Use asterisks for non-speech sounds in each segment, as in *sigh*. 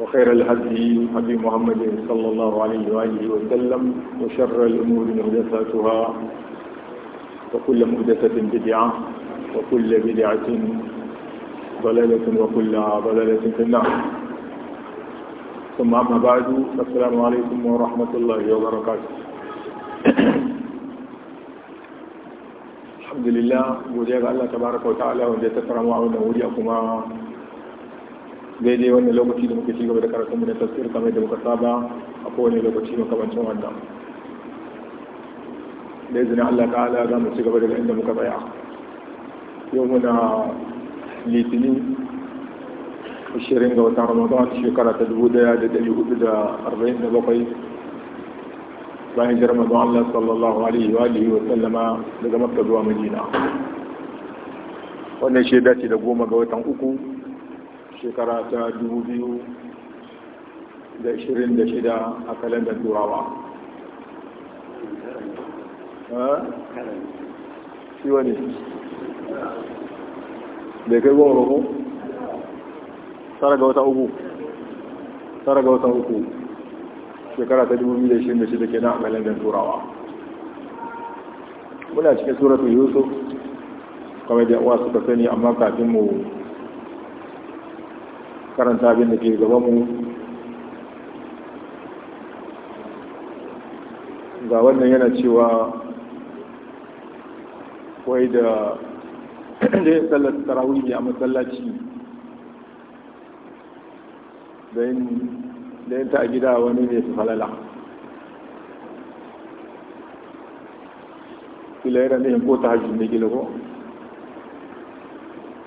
وخير الهدي هدي محمد صلى الله عليه وآله وسلم وشر الأمور محدثاتها وكل محدثة بدعة وكل بدعة ضلالة وكل ضلالة في النار ثم أما بعد السلام عليكم ورحمة الله وبركاته الحمد لله وجاب الله تبارك وتعالى وجاء تكرم وعونه وليكما daidai wannan lokaci da muke cigaba da karatun mu na tafsir kamar da muka saba a kowane lokaci makamancin wannan da izinin Allah ta'ala za mu cigaba daga inda muka tsaya yau muna litinin 20 ga watan ramadan shekara ta 1447 bayan jirar mazan Allah sallallahu alaihi wa alihi wa sallama daga makka zuwa madina wannan shaida ce da goma ga watan uku shekara ta 2026 a kalendar turawa shi wani da kai goma roƙo? tara ga wata uku tara ga wata uku shekara ta 2026 ke na a kalendar turawa muna cikin suratun yusuf kamar da uwa suka sani amma kafin mu karanta abin da ke mu, ga wannan yana cewa wai da *coughs* da ya sallar tarawih a masallaci da yin ta a gida wani ne su halala kila yana ne ko ta hajji ne gina ko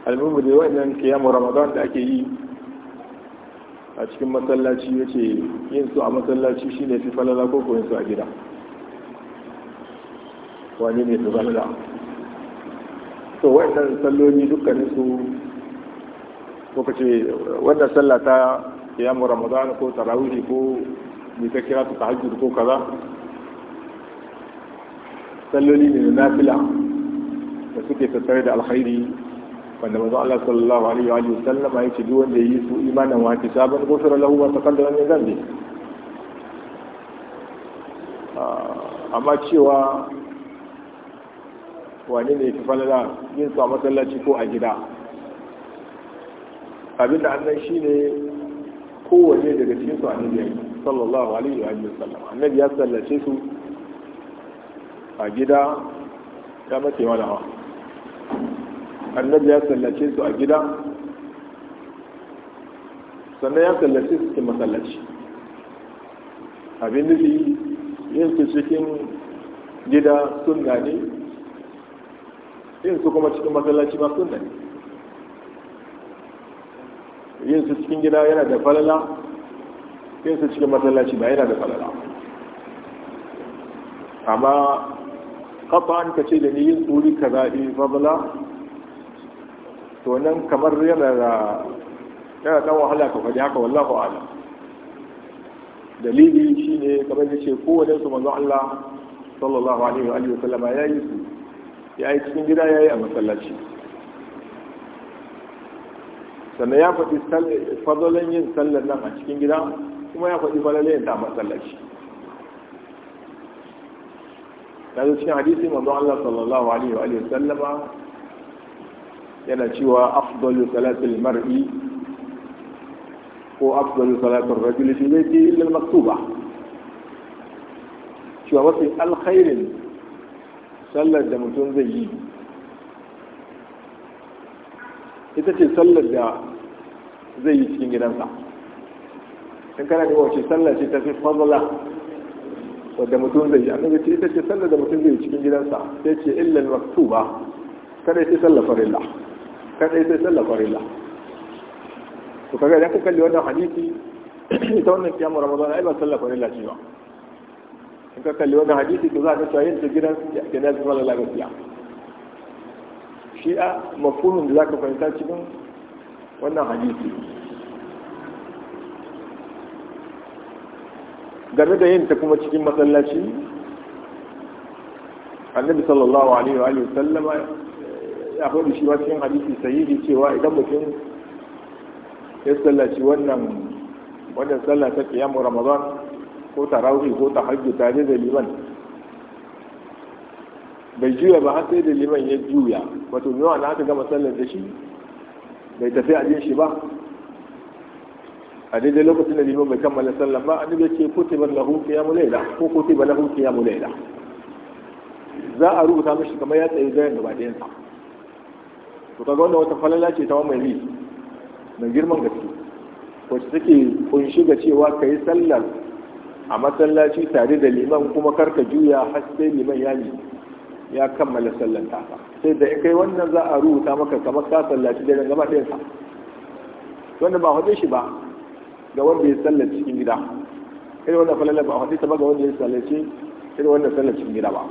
almubu da nan kiyamu ramadan da ake yi a cikin masallaci ya ce yin su a masallaci shi ne fi falala ko yin su a gida wani ne su falala so wannan salloli dukkanin su ka ce wannan salla ta yamu ramadan ko tarawihi ko mai ta kira su tahajjud ko kaza salloli ne na nafila da suke tattare da alkhairi wanda manzo Allah sallallahu alaihi wa sallama yace duk wanda yayi su imanin wa ta saban gofara lahu wa taqaddama min zambi ah, amma cewa wani ne ya falala yin su a masallaci ko a gida Abin da annan shine kowanne daga cikin su annabi sallallahu alaihi wa sallam annabi ya sallace su a gida ya mace hawa. annabi ya sallace su a gida sannan ya sallace su cikin masallaci abin nufi yin su cikin gida sun gane yin su kuma cikin masallaci ba sun gane yin su cikin gida yana da falala yin su cikin masallaci ba yana da falala amma kafa an ka ce da ni yin tsuri ka zaɓi babala eh, to nan kamar yana da yana wahala ka faɗi haka wallahu a'lam dalili shi ne kamar da ce kowane su manzo Allah sallallahu alaihi wa alihi sallama ya yi su ya yi cikin gida ya yi a masallaci sannan ya faɗi fadalan yin sallar nan a cikin gida kuma ya faɗi fadalan yin ta a masallaci ya zo cikin hadisi manzo Allah sallallahu alaihi wa alihi sallama yana cewa afdalu salatul mar'i ko afdalu salatul rajuli ne ke illa maktuba cewa wasu alkhairin sallar da mutum zai yi ita ce sallar da zai yi cikin gidansa in kana da wace sallar ce ta fi fadla wadda mutum zai yi a ce ita ce sallar da mutum zai yi cikin gidansa sai ce illal maktuba kada ya ce sallar farilla kadai sai sallar farilla to kaga idan ka kalli wannan hadisi ita wannan kiyamun ramadan ai ba sallar farilla ce ba in ka kalli wannan hadisi to za ka cewa yin ta gidan jana'iz mala lafiya shi a mafhumin da za ka fahimta cikin wannan hadisi game da yin ta kuma cikin masallaci annabi sallallahu alaihi wa sallama akwai da shi ba cikin hadisi sahihi cewa idan mutum ya sallaci wannan wannan sallah ta kiyam ramadan ko tarawih ko tahajjud ne da liman bai juya ba har sai da liman ya juya wato yawa na aka gama sallar da shi bai tafi a jin shi ba a daidai lokacin da liman bai kammala sallar ba an ya ce kutiba lahu qiyamu layla ko kutiba lahu qiyamu layla za a rubuta mishi kamar ya tsaye da gaba da yansa to kaga wannan wata falala ce ta mai bi mai girman gaske wacce take kunshi ga cewa ka yi sallar a masallaci tare da liman kuma karka juya har sai liman ya ya kammala sallar tafa sai da kai wannan za a rubuta maka kamar ka sallaci da gaba ɗayan sa wanda ba haɗe shi ba ga wanda ya sallar cikin gida irin wannan falala ba haɗe ta ba ga wanda ya sallace irin wannan sallar cikin gida ba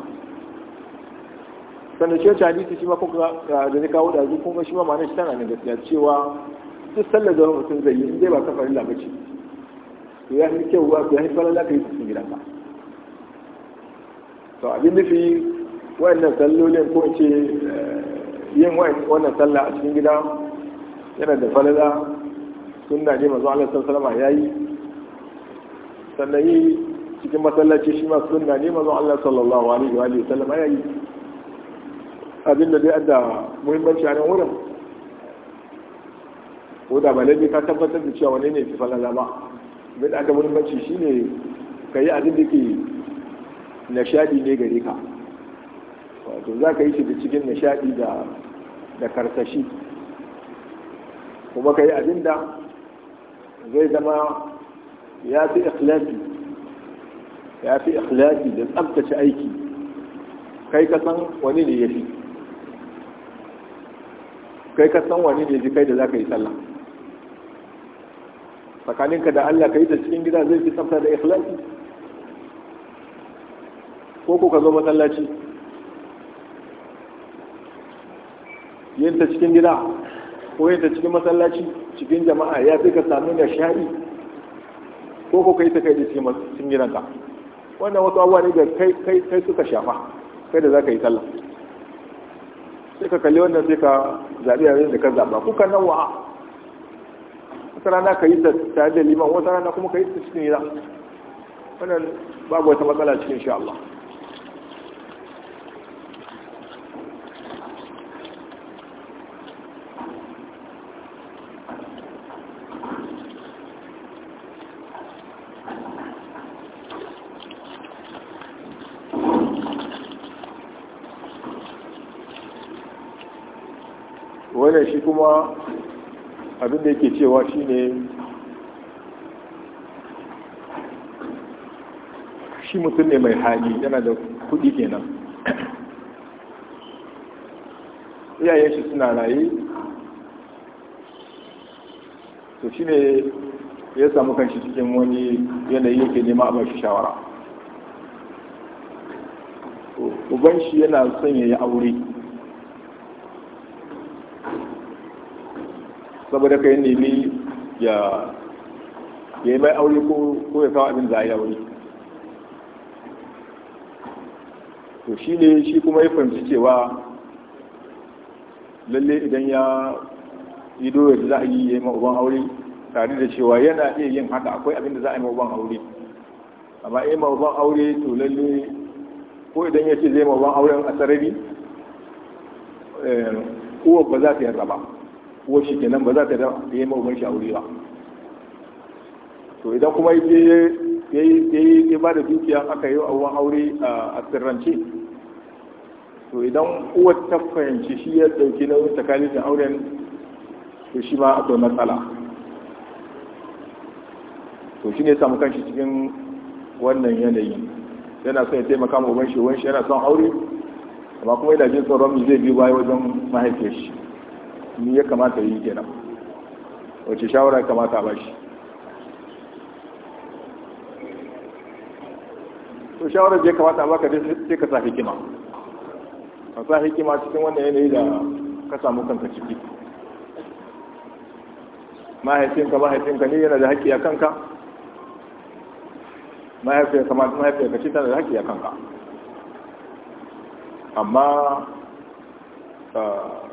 sannan shi ta hadisi shi ma kuma da ni kawo ɗazu kuma shi ma ma'anar shi tana na gaskiya cewa duk sallar da mutum zai yi zai ba ta farilla ba ce to ya fi kyau ba ya fi farilla ka yi cikin gida ba to abin nufi wayannan sallolin ko ce eh, yin wannan sallah a cikin gida yana da falala sunna ne manzo Allah sallallahu alaihi yayi sannan yi cikin masallaci shi ma sunna ne manzo Allah sallallahu alaihi wa ya yayi abin da zai adda muhimmanci a nan wurin ko da ba ka tabbatar da cewa wani ne fi falala ba mai da aka muhimmanci shine ka yi abin da ke nishadi ne gare ka wato za ka yi shi da cikin nishadi da da karsashi kuma ka yi abin da zai zama ya fi ikhlasi ya fi ikhlasi da tsabtace aiki kai ka san wani ne ya fi kai ka san wani ne kai da za ka yi sallah tsakaninka da Allah ka yi ta cikin gida zai fi tsafta da ikhlasi ko ko ka zo masallaci yin ta cikin gida ko yin ta cikin masallaci cikin jama'a ya fi ka sami da sha'i ko ko yi ta kai da cikin gidanka wannan wasu abubuwa ne da kai suka shafa kai da za ka yi sallah ka kalli wanda sai ka zaɓi yayin da ka zaɓa kuka nawa wata rana ka yi ta tare da liman wata rana kuma ka yi ta cikin gida wannan babu wata matsala cikin sha Allah tambaya shi kuma abinda yake cewa shine shi mutum ne mai hali yana da kudi kenan iyayen shi suna raye to shi ne ya samu kanshi cikin wani yanayi yake nema a shi shawara uban shi yana son ya yi aure abu da kai nemi ya yi mai aure ko ya kawo abin za a yi aure to shi ne shi kuma ya fahimci cewa lalle idan ya yi doyar za a yi ya yi ma'uban aure tare da cewa yana iya yin haka akwai abin da za a yi ma'uban aure amma ya yi ma'uban aure to lalle ko idan ya ce zai ma'uban auren a sarari eh, uwa ba za ta yarda ba uwar shi kenan ba za ta da yi ma uban ba to idan kuma ya ba da dukiya aka yi wa aure a sirrance to idan uwar ta fahimci shi ya dauki nauyin da auren to shi ma akwai matsala to shi ne samu kanshi cikin wannan yanayi yana son ya taimaka ma uban yana son aure amma kuma yana jin tsoron zai biyu baya wajen mahaifiyar shi ni ya kamata yi kenan wace shawara ya kamata ba shi to shawara da ya kamata ba ka sai ka sa hikima ka sa hikima cikin wannan yanayi da ka samu kanka ciki mahaifinka mahaifinka ne yana da haƙƙi a kanka mahaifinka mahaifinka ce tana da haƙƙi a kanka amma ah,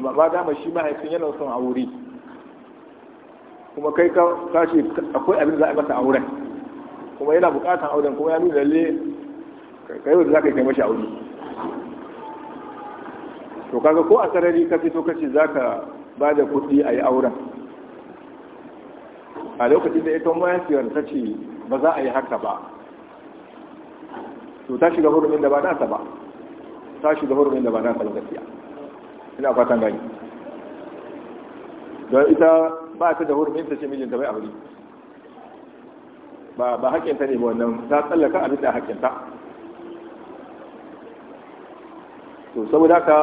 ba dama shi mahaifin yana son aure kuma kai ka kashi akwai abin za a masa auren kuma yana bukatan auren kuma ya nuna lalle kai wanda za ka kai mashi aure to kaga ko a sarari ka fito kashi za ka ba da kuɗi a yi auren a lokacin da ita mahaifiyar ta ce ba za a yi haka ba to ta shiga hurumin da ba nasa ba ta shiga hurumin da ba nasa ba gaskiya ina fatan gani don ita ba ta da hurumin ta ce mijinta bai aure ba ba hakinta ne wannan ta tsallaka abin da hakinta to saboda haka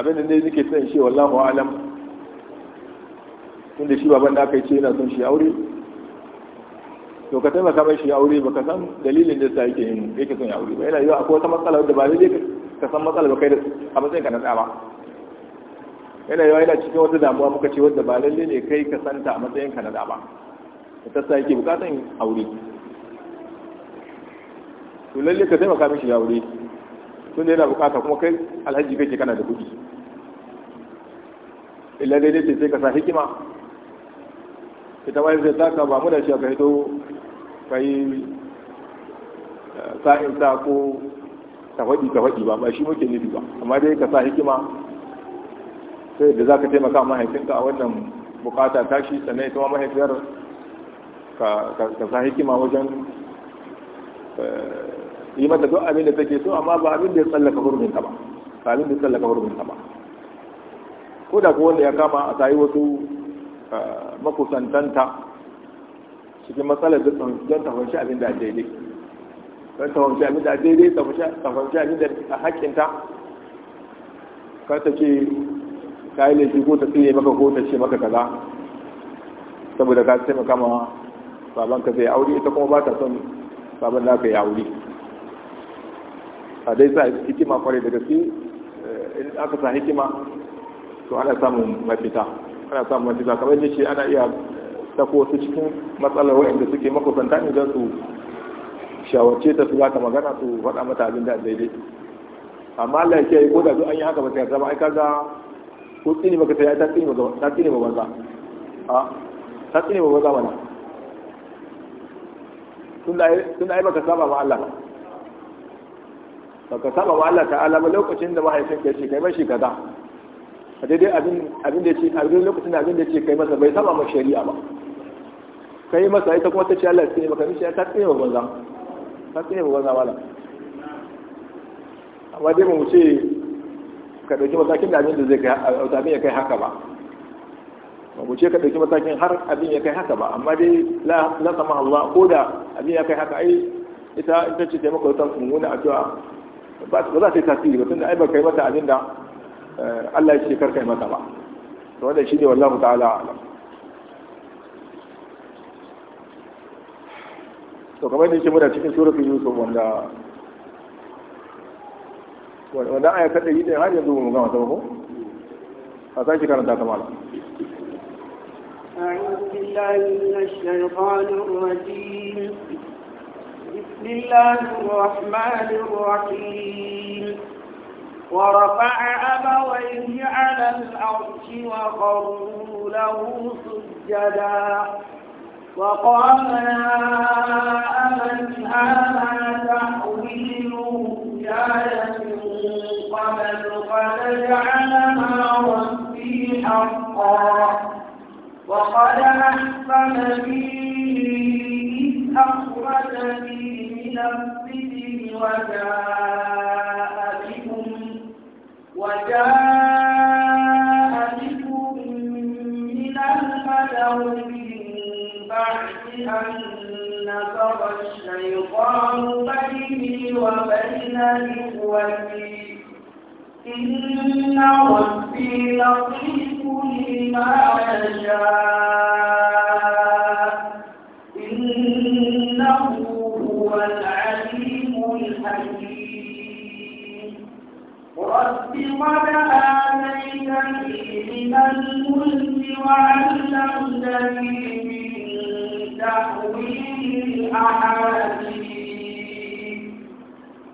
abin da ne nake tsayin shi wallahu alam tunda shi baban da aka yi ce yana son shi aure to ka taimaka mai shi aure ba ka san dalilin da sa yake yin yake son ya aure ba yana yiwa akwai wata matsala wadda ba zai ka san matsala ba kai da abin matsayin ka na tsaba yana yawa yana cikin wata damuwa muka ce wadda ba lalle ne kai ka santa a matsayin ka na da ba ta sa yake bukatan aure to lalle ka taimaka mishi ya aure tun da yana bukata kuma kai alhaji kai ke kana da kuɗi illa ne ce sai ka sa hikima ita ma zai taka ba mu da shi ka hito ka yi eh, sa'in sa ko ta tawaɗi ba ba shi muke nufi ba amma dai ka sa hikima sai da za ka taimaka mahaifinka a wannan bukata tashi sannan ita mahaifiyar ka sa hikima wajen eh, yi mata duk abin da take so amma ba abin da ya tsallaka hurumin ta ba ba abin da ya tsallaka hurumin ta ba ko da ko wanda ya kama a sayi wasu eh, makusantanta cikin matsalar da don tafanci abin da daidai don tafanci abin da daidai tafanci abin da a haƙƙinta kar ta ce ka yi laifi ko ta tsaye maka ko ta ce maka kaza saboda ka taimaka ma ka zai aure ita kuma ba ta son baban naka ya aure a dai sa hikima kwarai da gaske eh, in aka sa hikima to ana samun mafita ana samun mafita kamar yadda ce ana iya tako su cikin matsalar wa'anda suke makusanta ne don su shawarce ta su za ka magana su faɗa mata abin da daidai amma Allah ya kiyaye ko da an yi haka ba sai ka ba ai kaza. ko tsini maka sai ta tsini maka ta tsini maka banza a ta tsini maka banza mana tun da ai baka saba ba Allah ba baka saba ba Allah ta'ala ba lokacin da mahaifin ka ce kai mashi kaza a daidai abin da ce a daidai lokacin da abin da ce kai masa bai saba ma shari'a ba kai masa ita kuma ta ce Allah tsine maka mishi ta tsine maka banza ta tsini maka banza mana amma dai mu ce ka ɗauki matakin da abin da zai kai abin ya kai haka ba ba mu ce ka ɗauki matakin har abin ya kai haka ba amma dai la sama Allah ko da abin ya kai haka ai ita in ce taimako ta nuna a cewa ba za ta yi tasiri ba tunda ai ba kai mata abin da eh, Allah ya ce kar kai mata ba to wannan shine wallahu ta'ala alam to kamar yadda ke muna cikin suratul yusuf wanda aya har yanzu mu gama a أعوذ بالله من الشيطان الرجيم بسم الله الرحمن الرحيم ورفع أبويه على الأرش وقروا له سجدا وقال يا أبت هذا تحويل رؤياي ولجعلها ربي حقا وقد أحسن بي إذ أخرجني من السجن وجاء بكم وجاء بكم من المدر من بعد أن نزغ الشيطان بيني وبين إخوتي إن ربي لطيف لما يشاء إنه هو العليم الحكيم رب قد آتيتني من الملك وعلمتني من تأويل الأحاديث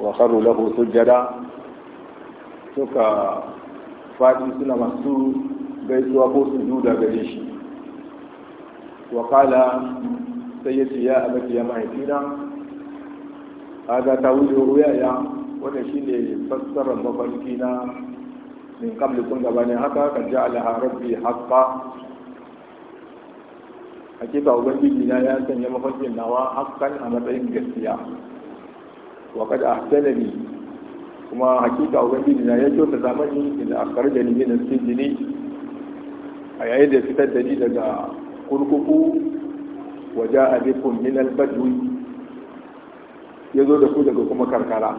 wa kharu lahu sujjada suka fadi suna masu gaisuwa ko su duda gare shi wakala qala sai yace ya abati ya mahaifina hada tawilu wanda shi shine fassarar mafarki na min qabli kun gabanin haka kan ja'ala rabbi haqqan hakika ubangiji na ya sanya mafarkin nawa Hakan a matsayin gaskiya wa qad ni? kuma hakika ubangiji na ya kyauta zamani idan akhrajani ni min as-sijni a yayin da fitar da ni daga kurkuku wa ja'a bikum min al-badwi yazo da ku daga kuma karkara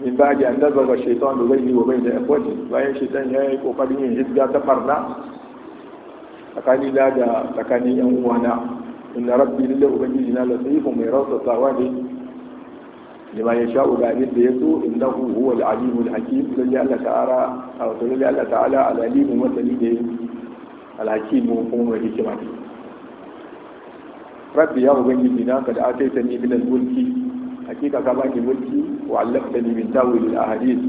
min ba'di an nazara shaytanu bayni wa bayna ikhwati bayan shaitan ya yi kokarin yin hidda ta farna tsakani da da tsakanin yan uwana inna rabbi lillahi ubangiji na latifun mai rautatawa ne لما ya بعدين بيسو إنه هو العليم الحكيم لله الله تعالى أو لله الله تعالى العليم kuma الحكيم وقوم الحكمة rabbi ya ubangiji na kada a kai sani al-mulki hakika ka bani mulki wa allamtani min tawil al-ahadith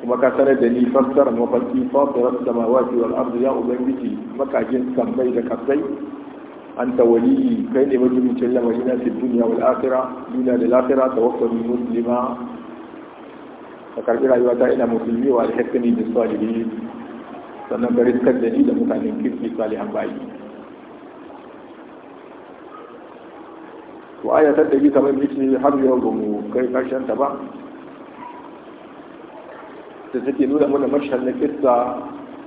kuma ka sanar da ni fassara mafarki fasirar samawati wal ardi ya ubangiji makajin kambai da kasai أنت ولي كين من جل ولينا في الدنيا والآخرة لنا للآخرة توفني مسلما فكرت رأيوا إلى مسلمي والحقني بالصالحين sannan ka riskar da da mutanen kirki salihan bayi to aya ta ɗari kamar miki har yau ba mu kai ƙarshen ta ba da take nuna mana mashhad na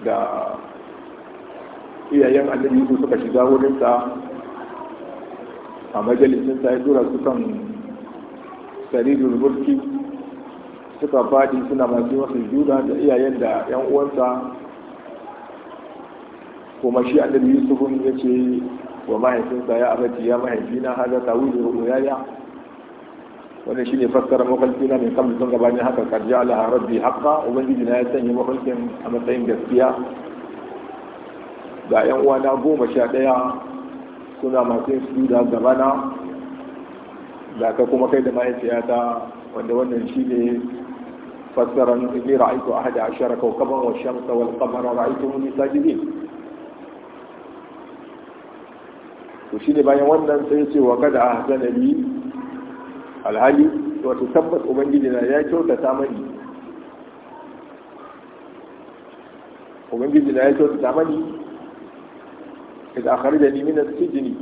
da iyayen annabi su suka shiga wurinsa a sa ya tura su kan sarirul burki suka fadi suna masu masu juna da iyayen da yan uwansa kuma shi annabi yusuf ya ce wa mahaifinsa ya abaci ya na haza tawilu ru'yaya wannan shine fassara na mai kamar sun gabanin haka karjiya ala rabbi haka ubangiji na ya sanya mafarkin a matsayin gaskiya ga 'yan uwana goma sha ɗaya suna masu yin da gabana da ka kuma kai da mahaifiyata wanda wannan shi ne fassaran inni a hada ashirar kawkaban wa shamsa wal mun ra'aytuhum sajidin to shi ne bayan wannan sai ce wa kada a hasana alhali wato tabbas ubangiji na ya kyautata mani ubangiji na ya kyautata mani idan akharijani min as-sijni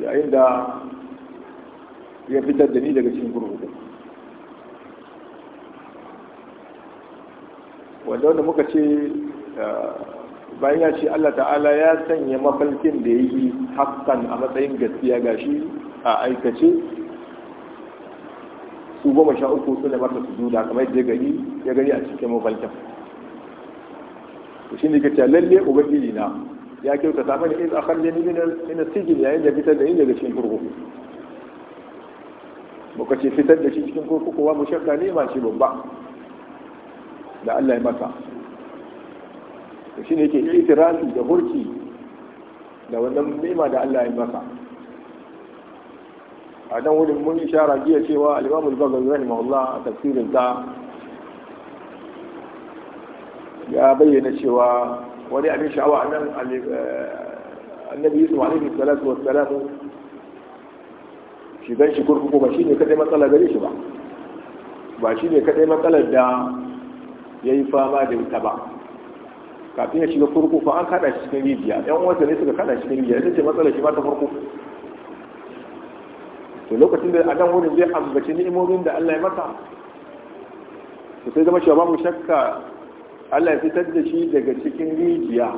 yayin da ya fitar da ni daga cikin kurkuku wanda wanda muka ce bayan ya ce Allah ta'ala ya sanya mafalkin da ya yi hakan a matsayin gaskiya gashi a aikace su goma sha uku su ne mata su duda kamar yadda gari ya gani a cikin mafalkin shi ne ka ce lalle ubangiji na ya kyautata mani in akharjani min min sijin yayin da fitar da ni daga cikin kurkuku muka ce fitar da shi cikin kurkuku wa shakka ne ma shi babba da Allah ya masa ne ke yake itirafi da hurki da wannan nema da Allah ya masa a nan wurin mun ishara jiya cewa al-Imam al-Bukhari a tafsirin ta. ya bayyana cewa wani abin sha'awa a nan eh, annabi yusuf alaihi salatu wa salamu shi zan shi kurkuku ba shi ne kadai matsala gare shi ba ba shi ne kadai matsalar da ya yi fama da ita ba kafin ya shiga kurkuku an kada shi cikin rijiya yan wata ne suka kada shi cikin rijiya ita ce matsalar shi ba ta kurkuku to lokacin da adam wurin zai ambaci ni'imomin da Allah ya masa to sai zama shi ba mu shakka Allah ya fitar da shi daga cikin rijiya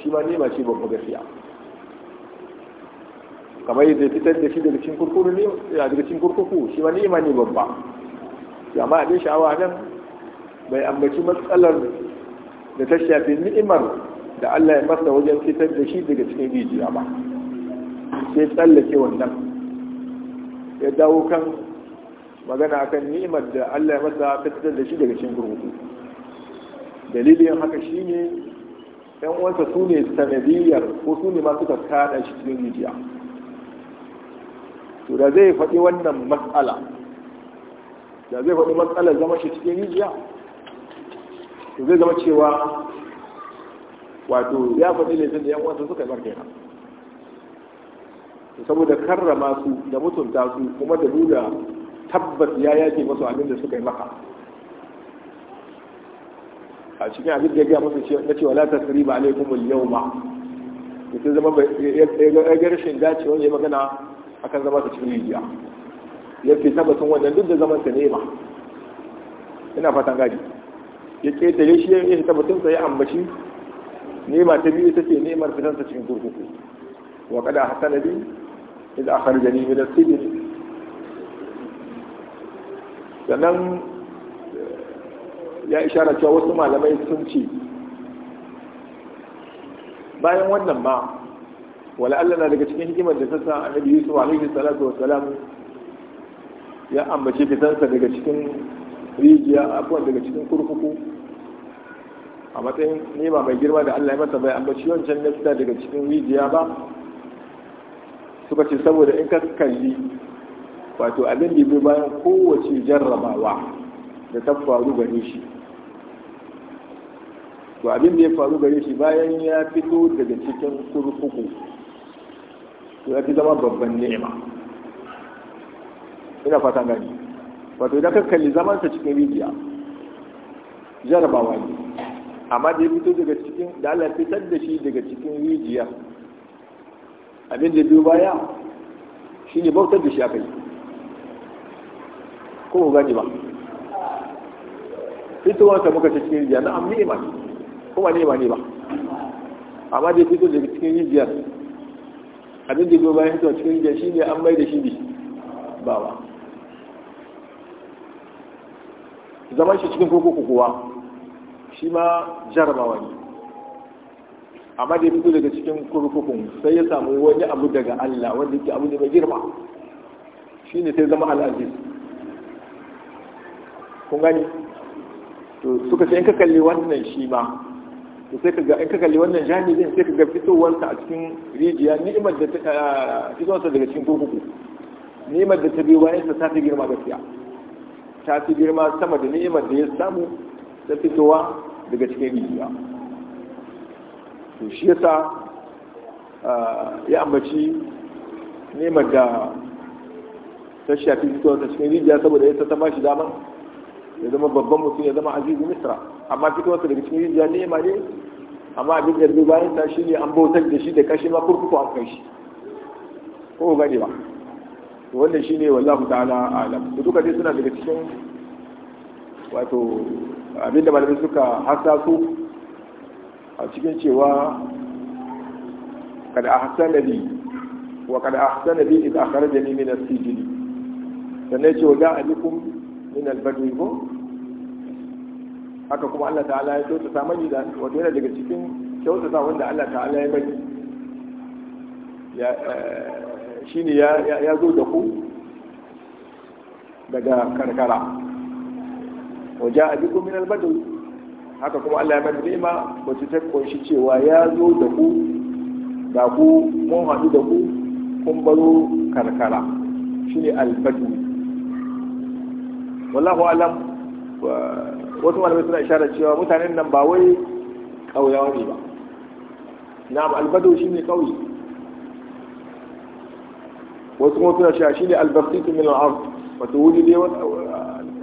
shi ma nema ce babba gaskiya kamar yadda ya fitar da shi daga cikin kurkuku ne daga cikin kurkuku shi ma nema ne babba ma abin sha'awa nan bai ambaci matsalar da ta shafi ni'imar da Allah ya masa wajen fitar da shi daga cikin rijiya ba sai tsallake wannan ya dawo kan magana akan ni'imar da Allah ya masa fitar da shi daga cikin kurkuku dalilin haka shine yan uwansa su ne sanadiyar ko su ne masu kaskada shi cikin rijiya to da zai faɗi wannan matsala da zai faɗi matsala zama shi cikin rijiya to zai zama cewa wato ya faɗi laifin da yan uwansa suka yi barkaina saboda karrama su da mutunta su kuma da nuna tabbas ya yake masu abin da suka yi maka a cikin abin da ya gaya masa na cewa la tasriba alaikum yau ma da sai zama ya ga rashin wani ya magana a kan zama ta cikin rijiya ya fi tabbatin wannan duk da zaman ta nema ina fatan gadi ya ya shi ya tabbatin sa ya ambaci nema ta biyu ta ce nemar fitan ta cikin kurkuku wa kada hasana bi idza akhrajani min as-sijn sannan ya ishara cewa wasu malamai sun ce bayan wannan ba wala Allah na daga cikin hikimar da ta sa nabi Yusuf alaihi salatu wa salam ya ambace fitansa daga cikin rijiya akwai daga cikin kurkuku a matsayin nema mai girma da Allah ya masa bai ambaci wancan na fita daga cikin rijiya ba suka ce saboda in ka kalli wato abin da bayan kowace jarrabawa da ta faru gare shi to abin da ya faru gare shi bayan ya fito daga cikin kurkuku to ya fi zama babban nema. ina fata gani wato idan ka kalli zaman cikin rijiya jarabawa ne amma da ya fito daga cikin da Allah fitar da shi daga cikin rijiya abin da biyu baya shine bautar da shi aka yi ko gani ba fitowarsa muka cikin rijiya na amma ne ko ba ne ba ne ba amma dai ya fito daga cikin rijiyar abin da bayan fito cikin rijiyar shi ne an mai da shi ne ba ba zaman shi cikin koko kuwa shi ma jarabawa ne amma da ya fito daga cikin kurkukun sai ya samu wani abu daga Allah wanda yake abu ne mai girma shi ne sai zama al'aziz kun gani to suka sai in ka kalli wannan shi ma to sai ga in ka kalli wannan jami'in sai ka ga fitowarsa a cikin rijiya ni'imar da ta ah, fitowarsa daga cikin kurkuku ni'imar da ta biyo bayan sa ta fi girma gaskiya ta fi girma sama da ni'imar da ya samu ta fitowa daga cikin rijiya to shi yasa ah, ya ambaci ni'imar da ta shafi fitowarsa cikin rijiya saboda ya ta ba shi dama ya zama babban mutum ya zama azizu misra amma wasu daga cikin rijiya nema ne amma abin da bayan ta shi ne an bautar da shi da kashi ma kurkuku an kai shi ko gani ba wannan shi ne wallahu ta'ala alam su duka dai suna daga cikin wato abin da malamai suka hasasu a cikin cewa kada a ahsana li wa kada a ahsana bi da akhrajani min as-sijni sannan ce wa ja'alukum min al ko. haka kuma Allah ta'ala ya kyautata mani da wato yana daga cikin kyautata wanda Allah ta'ala ya mani. ya eh, shine ya ya zo da ku daga karkara waja abikum min al haka kuma Allah ya da ni'ima wacce ta kunshi cewa ya zo da ku da ku mun haɗu da ku kun baro karkara shine al-badw wallahu alam wasu malamai suna isharar cewa mutanen nan ba wai ƙauyawa ne ba na'am albado shi ne ƙauye wasu kuma suna cewa ne albasitu min milan ard wata wuri ne uh,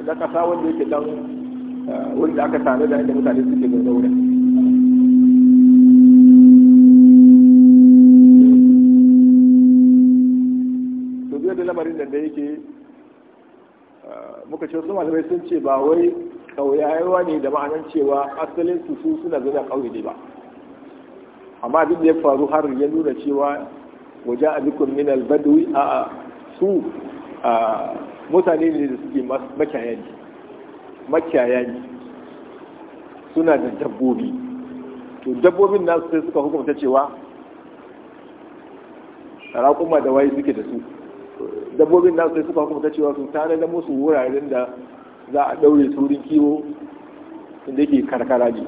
na kasa wanda yake dan uh, wanda aka tare da inda mutane suke zaune wurin to da lamarin da yake lokacin ce wasu malamai sun ce ba wai kauyayewa ne da ma'anar cewa asalin su su suna zana kauye ne ba amma abin da ya faru har ya nuna cewa waje a bikun minal albadwi a su mutane ne da suke makyayani, makyayani suna da dabbobi to dabbobin nasu sai suka hukumta cewa raƙuma da waye suke da su dabbobin da sai suka hukunta cewa sun tare da musu wuraren da za a daure su wurin kiwo inda yake karkara ne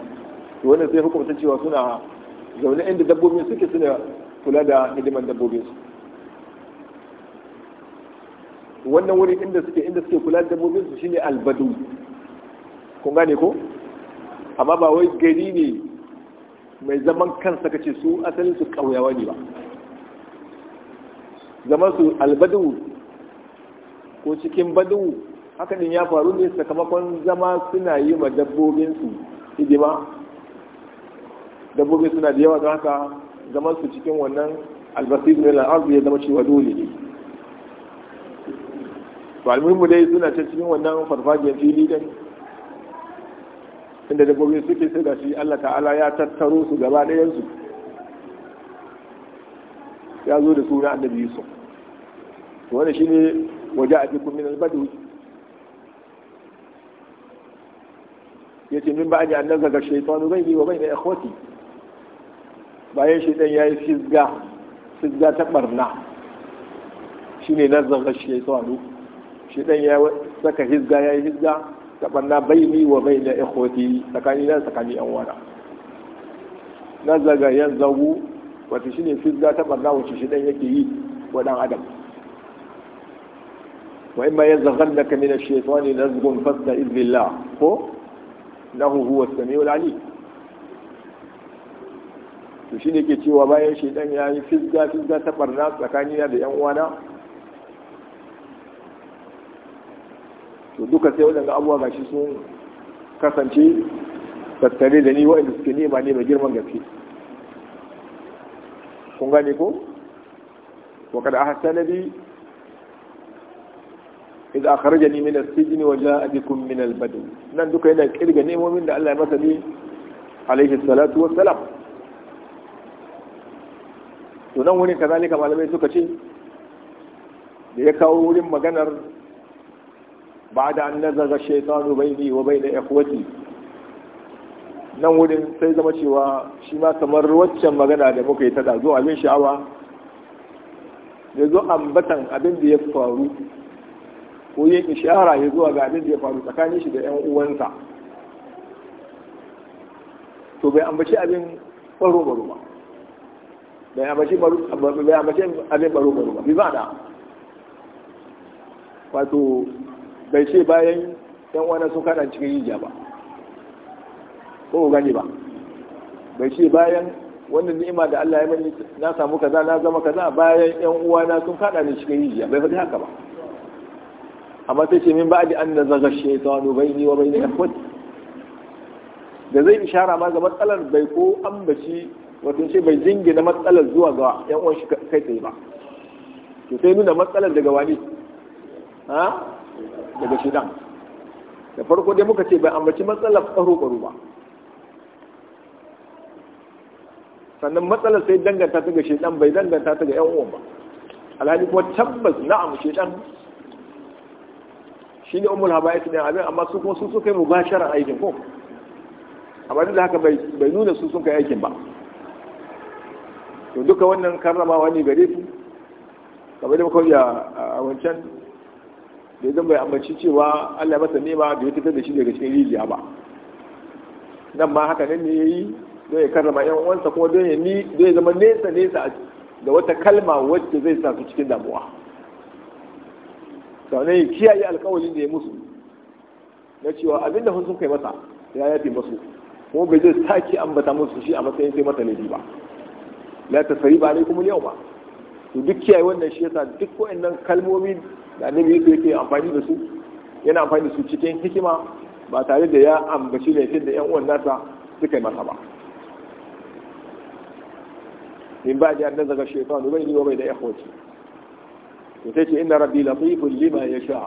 to wannan sai hukunta cewa suna zaune inda dabbobin suke suna kula da hidiman dabbobin su wannan wuri inda suke inda suke kula da dabbobin su shine albadu kun gane ko amma ba wai gari ne mai zaman kansa kace su asalin su kauyawa ne ba zaman su albadu ko cikin badu haka din ya faru ne sakamakon zama suna yi ma dabbobinsu hidima dabbobin suna da yawa don haka zaman su cikin wannan albasir ne al'arzu ya zama cewa dole ne to almuhimmu dai suna can cikin wannan farfajiyar fili din inda dabbobin suke sai da shi Allah ta'ala ya tattaro su gaba yanzu ya zo da suna annabi yusuf wanda shi ne waja'a bikum min al-badwi yace min ba an nazaga shaytanu bayni wa bayna ikhwati bayan shaytan yayi fizga fizga ta barna shine nazaga shaytanu shaytan ya saka hizga yayi hizga ta barna bayni wa bayna ikhwati tsakani na tsakani yan wara nazaga yanzagu wata shine yake yi wa dan adam وإما يزغنك من الشيطان نزغ shaytani nazghun fasta'iz billah ko lahu huwa to shine ke cewa bayan shedan ya yi fizga fizga ta barna tsakanina da yan uwana to duka sai waɗanda abubuwa gashi sun kasance tattare da ni waɗanda suke nema ne mai girman gaske kun gane ko wa kada idza akhrajani min as-sijn wa ja'a bikum min al-badw nan duka yana kirga nemomin da Allah ya masa ni alayhi salatu wa salam to nan wurin kazalika malamai suka ce da ya kawo wurin maganar an nazaga shaytanu bayni wa bayna ikhwati nan wurin sai zama cewa shi ma kamar waccan magana da muka yi ta da zo abin sha'awa da zo ambatan abin da ya faru ko ya ishara ya zuwa ga abin da ya faru tsakanin shi da yan uwansa to bai ambaci abin baro baro ba bai ambaci abin baro baro ba bi ba da wato bai ce bayan yan uwana sun kaɗa cikin rijiya ba ko gani ba bai ce bayan wannan ni'ima da Allah ya mani na samu kaza na zama kaza bayan yan uwana sun kada ni cikin rijiya bai faɗi haka ba amma sai ce min ba'di an shaitanu bai baini wa baini akwai da zai ishara ma ga matsalar bai ko ambaci wato ce bai jingina matsalar zuwa ga yan uwan shi kai tsaye ba to sai nuna matsalar daga wani ha daga shaitan da farko dai muka ce bai ambaci matsalar tsaro ƙwaro ba sannan matsalar sai danganta ta ga dan bai danganta ta ga yan uwan ba alhali kuma tabbas na'am shaitan shi ne umul habaiti ne abin amma su kuma su suka yi mubasharar aikin ko amma duk da haka bai nuna su sun kai aikin ba to duka wannan karrama ne gare su kamar da muka yi a wancan da idan bai ambaci cewa Allah masa nema da ya fitar da shi daga cikin rijiya ba nan ma haka nan ne ya yi don ya karrama yan uwansa kuma don ya zama nesa nesa da wata kalma wacce zai sa su cikin damuwa sau ya kiyaye alkawalin da ya musu na cewa abinda sun sun kai masa ya yafi masu ko bai zai sake ambata musu shi a matsayin sai mata laifi ba na tasari ba kuma yau ba to duk kiyaye wannan shi yasa duk wayannan kalmomi da annabi yake yake amfani da su yana amfani da su cikin hikima ba tare da ya ambaci laifin da yan uwan nasa suka yi masa ba min ba da annabi daga shekaru bai yi wa bai da hoci to sai ce inna rabbi latifun lima ya yasha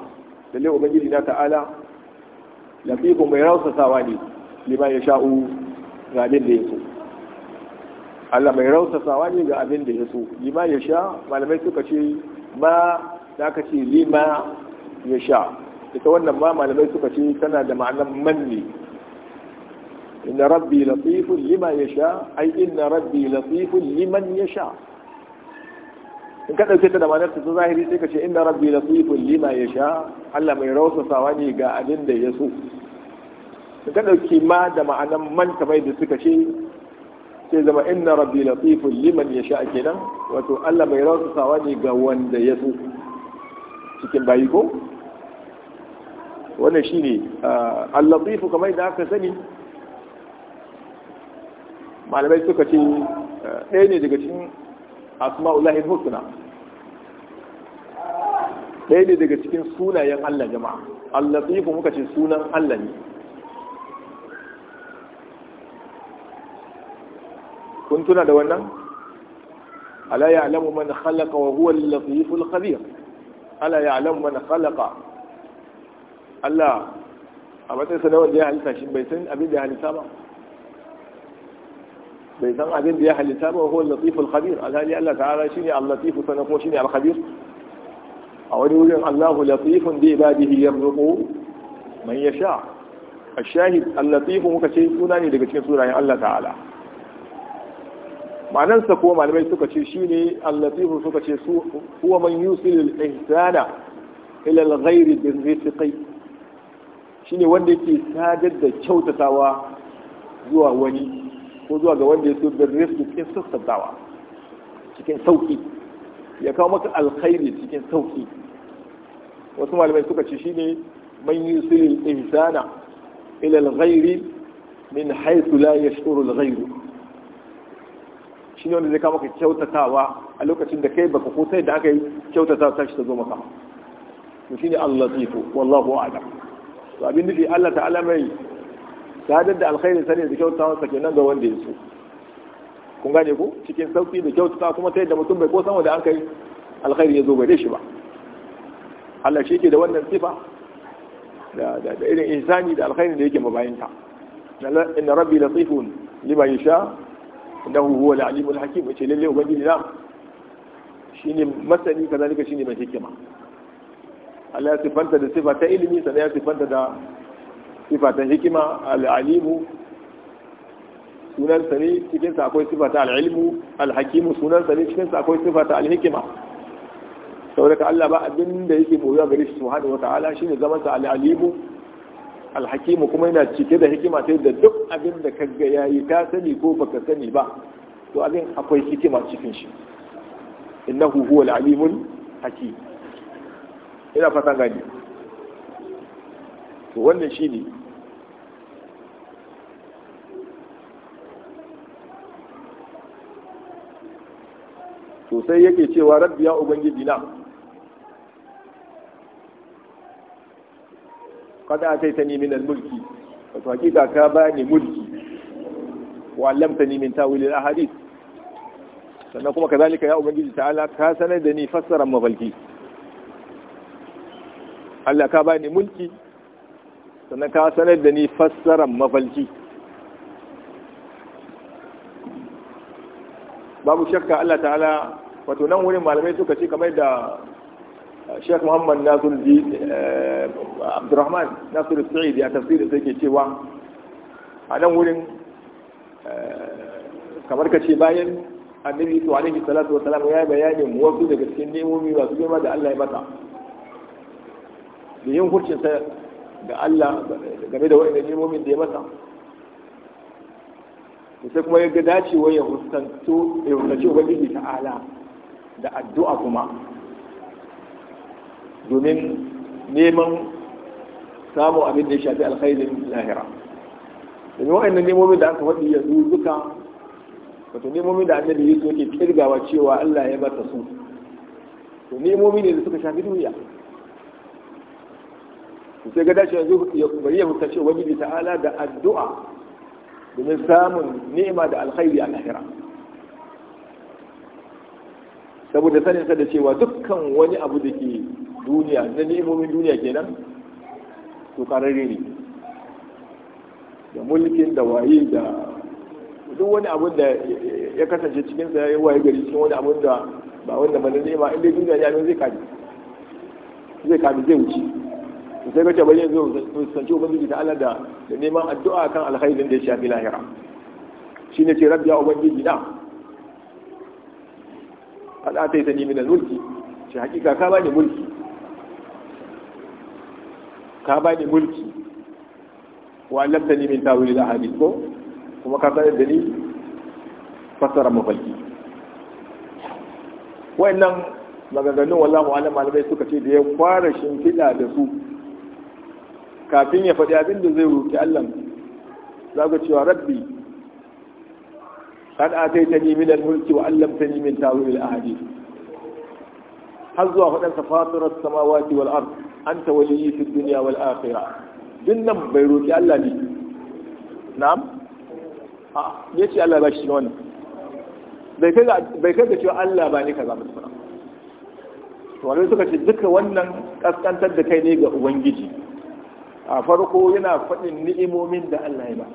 lalle ubangiji na ta'ala latifun mai rausasawa ne lima ya yasha'u ga abin da ya so. Allah mai rausasawa ne ga abin da ya so. lima ya sha malamai suka ce ma da ka ce lima yasha ita wannan ma malamai suka ce tana da ma'anar manni inna rabbi latifun lima ya yasha ai inna rabbi latifun liman ya sha. in ka ɗauke ta da ma'anar ta zahiri sai ka ce inna rabbi latifun lima yasha Allah mai rausasawa ne ga abin da ya so in ka ɗauki ma da ma'anar man kamar da suka ce sai zama inna rabbi latifun liman yasha kenan wato Allah mai rausasawa ne ga wanda ya so cikin bayi ko wannan shine al-latifu kamar da aka sani malamai suka ce ɗaya ne daga cikin asma'ullahi husna ɗaya ne daga cikin sunayen Allah jama'a Allah tsifu muka ce sunan Allah ne kun tuna da wannan ala ya'lamu man khalaqa wa huwa al-latiful khabir ala ya'lamu man khalaqa Allah a matsayin sa na ya halitta shi bai san abin da ya halitta ba bai san abin da ya halitta ba huwa latiful khabir alhali Allah ta'ala shine al-latifu sanan ko shine al-khabir a wani wurin Allahu latifun bi ibadihi yarzuqu man yasha ash-shahid al-latif muka ce suna ne daga cikin sunayen Allah ta'ala ma'anar sa kuma malamai suka ce shine al-latif suka ce su huwa man yusil al-ihsana ila al-ghayri bi rizqi shine wanda yake sadar da kyautatawa zuwa wani ko zuwa ga wanda ya so da rizki cikin sassabawa cikin sauki ya kawo maka alkhairi cikin sauki wasu malamai suka ce shi ne man yi insana ilal ghairi min haythu la ghairu shi ne wanda zai kawo maka kyautatawa a lokacin da kai baka ko sai da aka yi kyautata ta shi ta zo maka to allah zai latifu wallahu a'lam to abin da Allah ta'ala mai sadar da alkhairi sani da kyautawa sa kenan ga wanda ya kun gane ku cikin sauki da kyautata kuma ta yadda mutum bai ko san wanda an kai alkhairi ya zo bai shi ba Allah shi yake da wannan sifa da da irin insani da alkhairi da yake mabayinta inna rabbi latifun lima yasha innahu huwa al-alimul hakim ce lalle ubangiji na shine masani kazalika shine mai hikima Allah ya sifanta da sifa ta ilimi sannan ya sifanta da sifatan hikima al'alimu sunan sani cikinsa akwai sifata al'ilmu alhakimu sunan sani cikinsa akwai sifata alhikima saboda Allah ba abin da yake boyuwa gare shi subhanahu wata'ala shine zaman sa al'alimu alhakimu kuma yana cike da hikima ta yadda duk abin da ka ga yayi ta sani ko baka sani ba to abin akwai hikima cikin shi innahu huwa al'al'imun hakim ina fata gani to wannan shine sosai yake cewa rabbi ya ubangiji na kada a taita ni minal mulki wato hakika ka bani mulki wa allamta ni min tawilil ahadith sannan kuma kazalika ya ubangiji ta'ala ka sanar da ni fassara mafalki Allah ka bani mulki sannan ka sanar da ni fassarar mafalki babu shakka Allah ta'ala wato nan wurin malamai suka ce kamar da uh, Sheikh Muhammad Nasir ji uh, Abdurrahman Nasir Sa'id ya tafsiri sai ke cewa a nan wurin uh, kamar ka ce bayan annabi su alaihi salatu wa salam ya bayani wasu daga cikin nemomi masu ma da Allah ya mata da yin hurcinsa ga Allah game da wa'annan nemomin da ya masa sai kuma ya ga dacewa ya hustanto ya fuskanci ubangiji ta'ala da addu'a kuma domin neman samun abin da ya shafi alkhairin lahira domin waɗannan nemomin da aka faɗi ya duka wato nemomi da annabi yi yake kirgawa cewa Allah ya bata su to nemomi ne da suka shafi duniya sai ga dace yanzu bari ya fuskanci ubangiji ta'ala da addu'a domin samun ni'ima da alkhairi a lahira saboda sanin sa da cewa dukkan wani abu da ke duniya na ni'imomin duniya kenan to karare ne da mulkin da waye da duk wani abun da ya kasance cikin sa ya waye gari cikin wani abun da ba wanda ba na ni'ima inda duniya ya zai kaji zai kaji zai wuce sai ka tabbata yanzu fuskanci ubangiji ta Allah da neman addu'a kan alkhairin da ya shafi lahira shine ce rabbi ya ubangiji na ala ta yi min mulki shi hakika ka bani mulki ka bani mulki wa lamta ni min tawil al ko kuma ka sanar da ni fassara mafalki nan maganganun wallahu alam malamai suka ce da ya fara shimfiɗa da su kafin ya faɗi abin da zai roƙi Allah za ku cewa rabbi kad ta min al-mulki wa ta allamtani min ta'wil al-ahadith har zuwa faɗan safatirar samawati wal ard anta waliyyi fid dunya wal akhirah dinnan bai roƙi Allah ne na'am a ya ce Allah ba shi wannan bai kai ga cewa Allah ba ne kaza musu wani suka ce duka wannan kaskantar da kai ne ga ubangiji a farko yana faɗin ni'imomin da Allah ya ba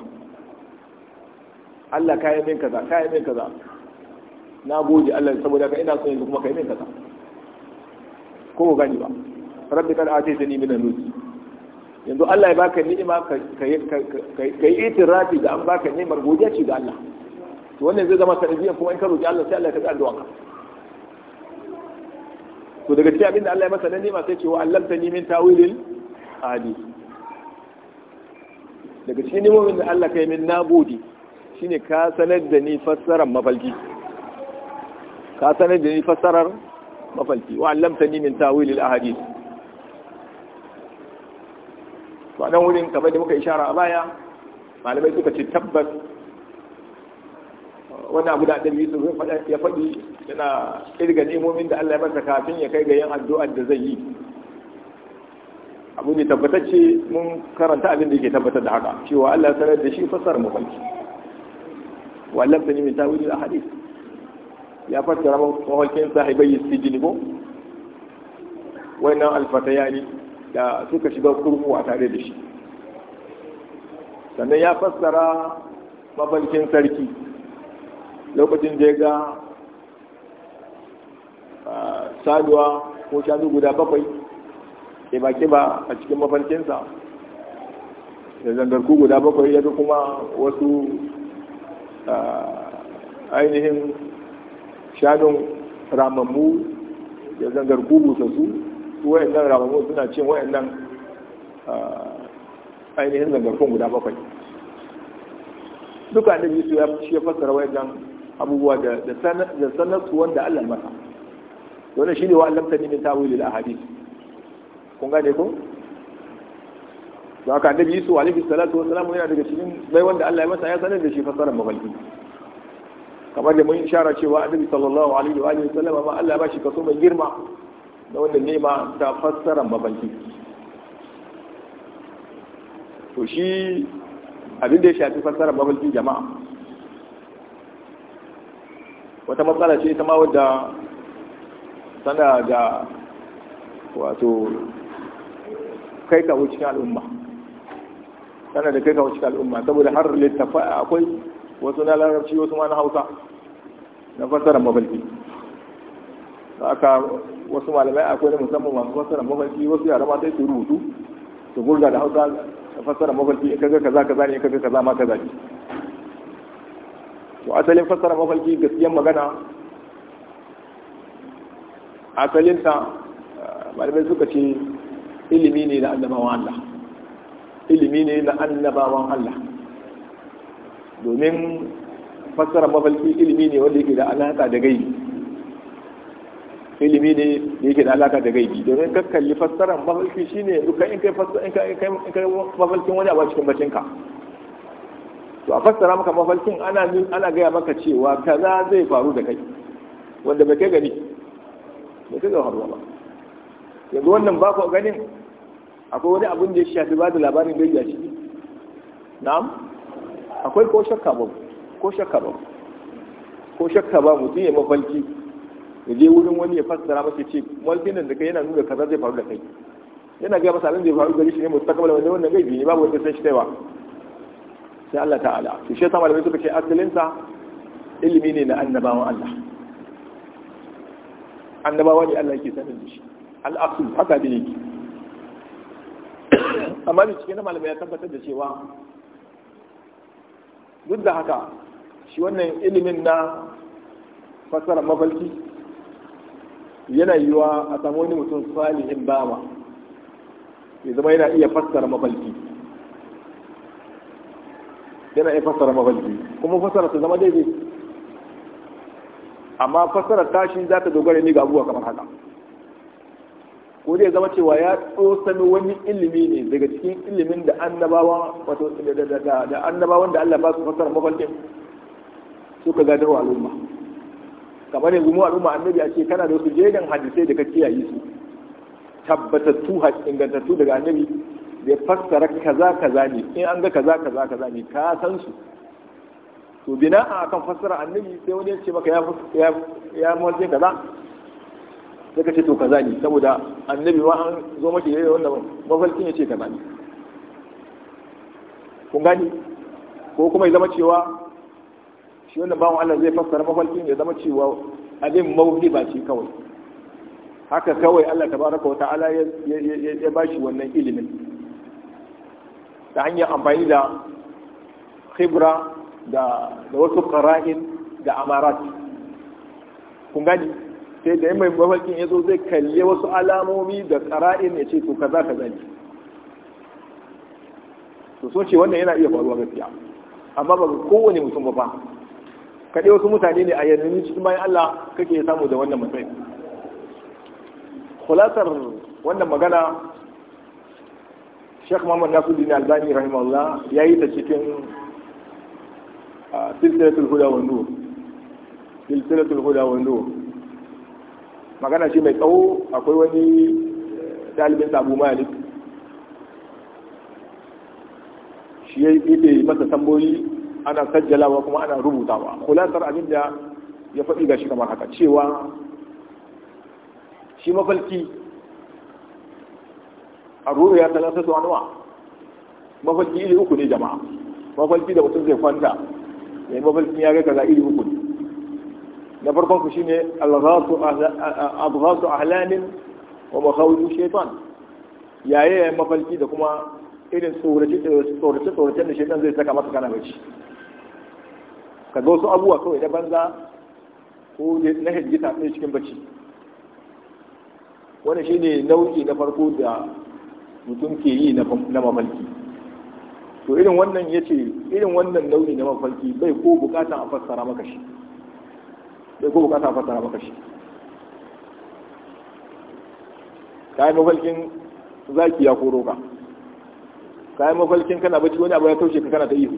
Allah ka yi min kaza ka yi min kaza na goji Allah saboda ka ina son yanzu kuma ka yi min kaza ko gani ba rabbi kad ta min al nuti. yanzu Allah ya baka ni'ima ka yi itirafi da an baka ni'imar godiya ce ga Allah to wannan zai zama sanadiyan kuma in ka roki Allah sai Allah ya karɓi wanka to daga cikin abin da Allah ya masa na ni'ima sai ce wa allamtani min tawilil hadith daga cikin nimomin da Allah kai min na shi ne ka sanar da ni fassarar mafalki ka sanar da ni fassarar mafalki wa ni min tawilil ahadith to dan wurin kamar da muka ishara a baya malamai suka ce tabbas wani abu da adam yusuf ya faɗi yana kirga nemomin da Allah ya masa kafin ya kai ga yin addu'ar da zai yi abu ne tabbatacce mun karanta abin da yake tabbatar da haka cewa Allah ya sanar da shi fasar mafarki wallan tani min a ahadith ya fassara mafarkin sahibai nan ko ya ne da suka shiga kurmu a tare da shi sannan ya fassara mafarkin sarki lokacin da ya ga ah, saduwa ko shanu guda bakwai kiba-kiba a cikin mafarkinsa da zangarku guda bakwai ya fi kuma wasu ainihin shanun ramammu da zangarku busassu su wayannan ramammu suna cin wayannan ainihin zangarkun guda bakwai duka da su ya shi fassara wa'annan abubuwa da sanarsu wanda allah masa wannan shi ne wa'allamta ne min da ahadith kun gane ko don haka annabi yusuf alaihi salatu salam yana daga cikin bai wanda Allah ya masa ya sanar da shi fasaran mafarki kamar da mun shara cewa annabi sallallahu alaihi wa alihi sallama ma Allah ya bashi kaso mai girma da wanda nema ta fasaran mafarki to shi abin da ya shafi fasaran mafarki jama'a wata matsala ce ta ma wadda tana da wato kai ka wuce al'umma tana da kai ka wuce al'umma saboda har littafa akwai wasu na larabci wasu ma na hausa na fassara mabalki aka wasu malamai akwai na musamman masu fassara mabalki wasu yara ma sai su rubutu su gurga da hausa da fassara mabalki in kaga kaza kaza ne in kaga kaza ma kaza ne to asalin fassara mabalki gaskiyan magana asalinta malamai suka ce ilimi ne na annabawan Allah ilimi ne na annabawan Allah domin fassara mafalki ilimi ne wanda yake da alaka da gaibi ilimi ne da yake da alaka da gaibi domin kakkalli fassara mafalki shine duka in kai in kai in kai mafalkin wani abu a cikin bacinka to a fassara maka mafalkin ana ana gaya maka cewa kaza zai faru da kai wanda bai kai gani bai kai ga faruwa ba yanzu wannan ba ku ganin akwai wani abin da ya shafi ba da labarin da ya ciki na'am akwai ko shakka ba ko shakka ba ko shakka ba mutum ya mafalki ya je wurin wani ya fassara masa ce malfin da kai yana nuna kaza zai faru da kai yana ga masa abin da ya faru gari shi ne mustaqbal wanda wannan gaibi ne babu wanda san shi ta yi ba, sai Allah ta'ala to shi yasa malamai suka ce asalin sa ilimi ne na annabawan Allah annabawa ne Allah yake sanin da shi al-asl haka da yake amma bincike na malamai ya tabbatar da cewa duk da haka shi wannan ilimin na fassara mafarki yana yiwa a samu wani mutum salihin bawa ya zama yana iya fassara mafarki yana iya fassara mafarki kuma fassara ta zama daidai amma fassara tashi za ta dogara ne ga abuwa kamar haka ko zai zama cewa ya tsosani wani ilimi ne daga cikin ilimin da annabawa wato da annabawan da Allah ba su fasara su suka gadar wa al'umma kamar ne mu al'umma annabi a ce kana da wasu jerin hadisai da ka kiyaye su tabbatattu ingantattu daga annabi da fassara kaza kaza ne in an ga kaza kaza kaza ne ka san su to bina akan fassara annabi sai wani ya ce maka ya ya mawaje kaza sai ka ce to kaza ne saboda annabi ma an zo maki yayi wanda mafarkin ya ce kaza ne kun gani ko kuma ya zama cewa shi wannan bawan Allah zai fassara mafarkin ya zama cewa abin ba ce kawai haka kawai Allah tabaraka wa ta'ala ya bashi wannan ilimin ta hanyar amfani da khibra da wasu qara'in da amarat kun gani sai da mai mafarkin ya zo zai kalli wasu alamomi da tsara'in ya ce to kaza kaza ne to so ce wannan yana iya faruwa gaskiya amma ba kowane mutum ba ba kaɗai wasu mutane ne a yanzu cikin bayan Allah kake samu da wannan matsayi kulatar wannan magana Sheikh Muhammad Nasiruddin Albani rahimahullah ya yi ta cikin ah, silsilatul huda wa nur silsilatul huda nur magana shi mai tsawo akwai wani dalibin sabu malik shi ya yi masa tamboyi ana sajjalawa kuma ana rubutawa kulasar abin da ya faɗi ga shi kamar haka cewa shi mafalki a ruru ya talasa su anuwa mafalki iri uku ne jama'a mafalki da mutum zai kwanta ya yi mafalki ya gaga kaza iri uku ne na farkon ku shine al-ghasu abghasu ahlanin wa makhawdu shaytan yaye mafalki da kuma irin tsorace tsorace tsorace da shaytan zai saka maka kana bacci ka ga wasu abubuwa kawai da banza ko na ta ne cikin bacci wani shine nau'i na farko da mutum ke yi na mafalki to irin wannan yace irin wannan nau'i na mafalki bai ko bukatan a fassara maka shi sai ko bukata fassara maka shi ka yi mafalkin zaki ya koro ka ka yi mafalkin kana bacci wani abu ya taushe ka kana ta ihu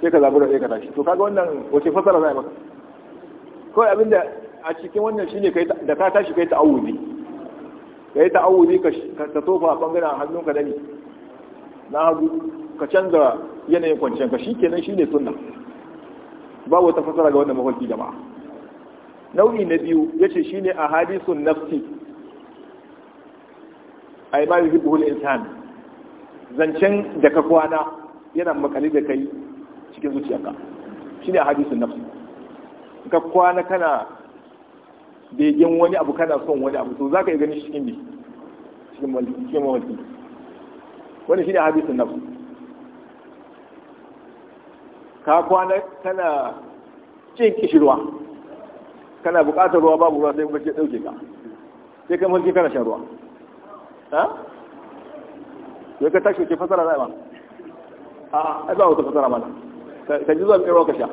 sai ka zabura sai ka tashi to kaga wannan wace fasara za a maka kawai abinda a cikin wannan shine kai da ka tashi kai ta'awuzi kai ta'awuzi ka ka tofa bangaren hannunka ka dani na hagu ka canza yanayin kwanciyar ka shi kenan shine sunna ba wata fasara ga wannan mafarki jama'a nau'i na biyu yace shine hadisun nafsi ai ba yi buhul insan zancen da ka kwana yana makali da kai cikin zuciyarka shine hadisun nafsi ka kwana kana begen wani abu kana son wani abu to zaka yi gani cikin bi cikin mawarki wani shine hadisun nafsi ka kwana kana cin kishirwa kana buƙatar ruwa babu ruwa sai kuma ce ɗauke ka sai kai mulki kana shan ruwa ha sai ka tashi ke fasara zai ba a a ba wata fasara mana ka ji zuwa ruwa ka sha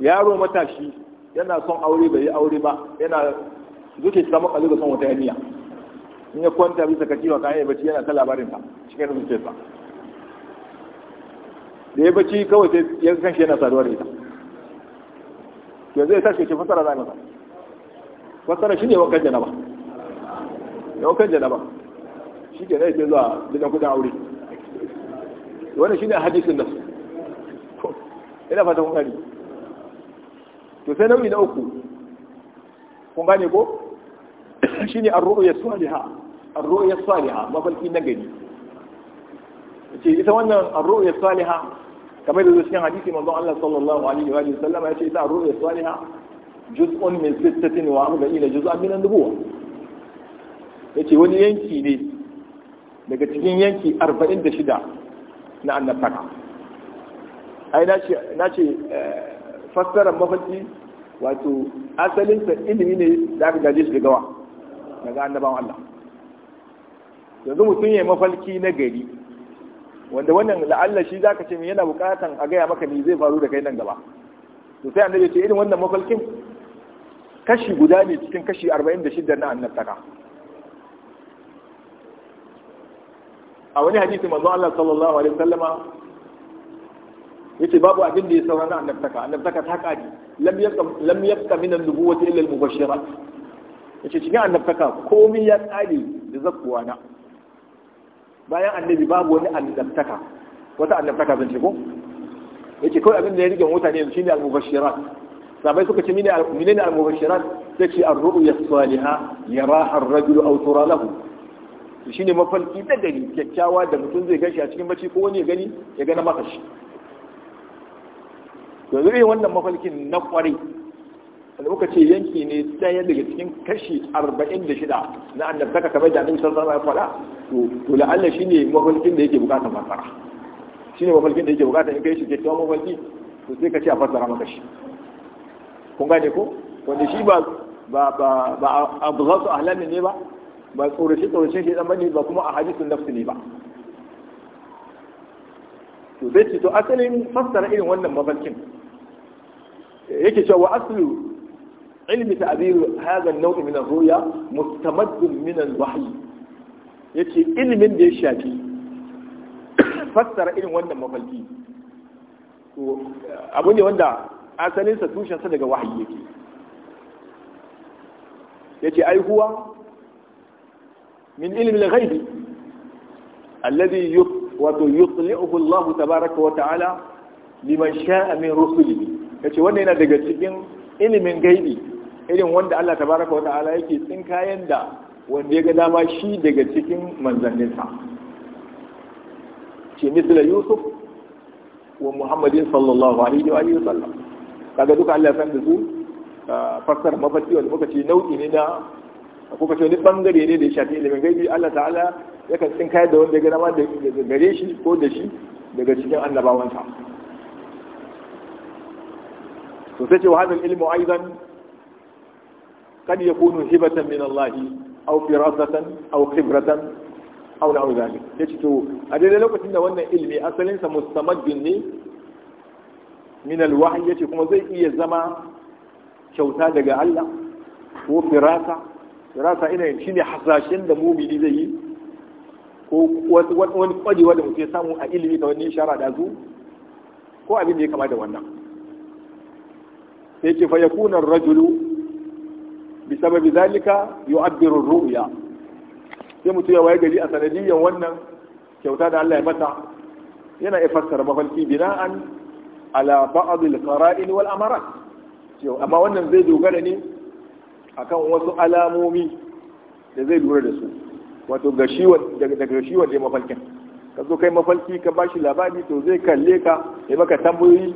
yaro matashi yana son aure bai yi aure ba yana zuke shi samun kalu da son wata yaniya in ya kwanta bisa kaciwa kayan ya yana ta labarin ta cikin zuciyarsa da ya bacci kawai sai ya san shi yana saduwa da ita to zai tashi ki fasara za masa fasara shi ne wakan janaba ya wakan janaba shi ke zai zuwa gidan kudin aure wannan shi ne hadisin da su ina fata kun gani to sai nau'i na uku kun gane ko *clears throat* shine ar-ru'ya salihah ar-ru'ya salihah mafarki na gani. ce ita wannan ar-ru'ya salihah kamar da cikin hadisi manzon Allah sallallahu alaihi wa sallam ya ce ta ru'ya salihah juz'un min sittatin wa ila juz'an min an-nubuwah yace wani yanki ne daga cikin yanki 46 na annabaka ai nace nace eh, fassara mafarki wato asalin asalinsa ilimi ne da aka gaje shi gawa daga annabawan Allah yanzu mutum ya mafalki na gari wanda wannan la'alla shi zaka ce yana bukatan a gaya maka ni zai faru da kai nan gaba to sai annabi ce irin wannan mafalkin kashi guda ne cikin kashi 46 na annabtaka a wani hadisi manzo Allah sallallahu alaihi wasallama yace babu abin da ya saura na annabtaka annabtaka ta kadi lam yabqa lam yabqa min an nubuwati illa al-mubashshirat yace cikin annabtaka komai ya kadi da zakkuwa na bayan annabi babu wani annabtaka wata annabtaka zan ce ko yake kawai abin da ya rige mutane yanzu shine al-mubashirat sabai suka ce mine ne al-mubashirat sai ce ar-ru'ya salihah yaraha ar-rajulu aw tura lahu shine mafarki da gari kyakkyawa da mutum zai gashi a cikin bacci ko wani ya gani ya gana masa shi to zai wannan mafalkin na kware. da muka ce yanki ne ɗaya daga cikin kashi arba'in da shida na annabtaka kamar jami'in annabi ya faɗa to la'alla ne mafalkin da yake bukatar shi shine mafalkin da yake bukatar in kai shi kyakkyawan mafalki? to sai ka ce a fassara maka shi kun gane ko wanda shi ba ba ba ba abu za su ne ba ba tsorace tsorace shi dan bane ba kuma a hadisin nafsi ne ba to zai ce to asalin fassara irin wannan mafalkin yake cewa aslu ilmi ta'abiru hadha an-naw'i min ar-ru'ya mustamaddun min al-wahy yace ilmin da ya shafi fassara irin wannan mafalki to abu ne wanda asalin sa tushen sa daga wahayi yake yace ai huwa min ilmi al-ghaibi alladhi yutli'uhu Allah tabaaraka wa ta'ala liman sha'a min rusulihi yace wannan yana daga cikin ilimin gaibi irin wanda Allah Ta baraka wa ta'ala yake tsinkayen da wanda ya ga dama shi daga cikin manzanninsa ce misla yusuf wa muhammadin sallallahu alaihi wa sallam kaga duka Allah san da su fassar mafarki wanda muka ce nau'i ne na kuka ce wani bangare ne da ya shafi ilimin gaibi Allah ta'ala ya yakan tsinkayar da wanda ya ga dama da gare shi ko da shi daga cikin annabawansa to sai ce wa hadal ilmu aizan. kad yakunu hibatan min Allah aw firasatan aw khibratan aw na'u zalik yace to a daidai lokacin da wannan ilimi asalin sa mustamaddin ne min alwahyi yace kuma zai iya zama kyauta daga Allah ko firasa firasa ina shine hasashen da mumini zai yi ko wani kwarewa da mutum samu a ilimi da wani ishara da zu ko abin da ya kama da wannan sai ce fa yakuna rajulu bisababi zalika yu'abbiru ru'ya sai mutum ya waye gari a sanadiyyar wannan kyauta da Allah ya mata yana ya fassara mafarki bina'an ala ba'd al-qara'in wal amarat cewa amma wannan zai dogara ne akan wasu alamomi da zai lura da su wato ga shi daga shi waje mafarkin ka zo kai mafalki ka bashi labari to zai kalle ka ya maka tambayoyi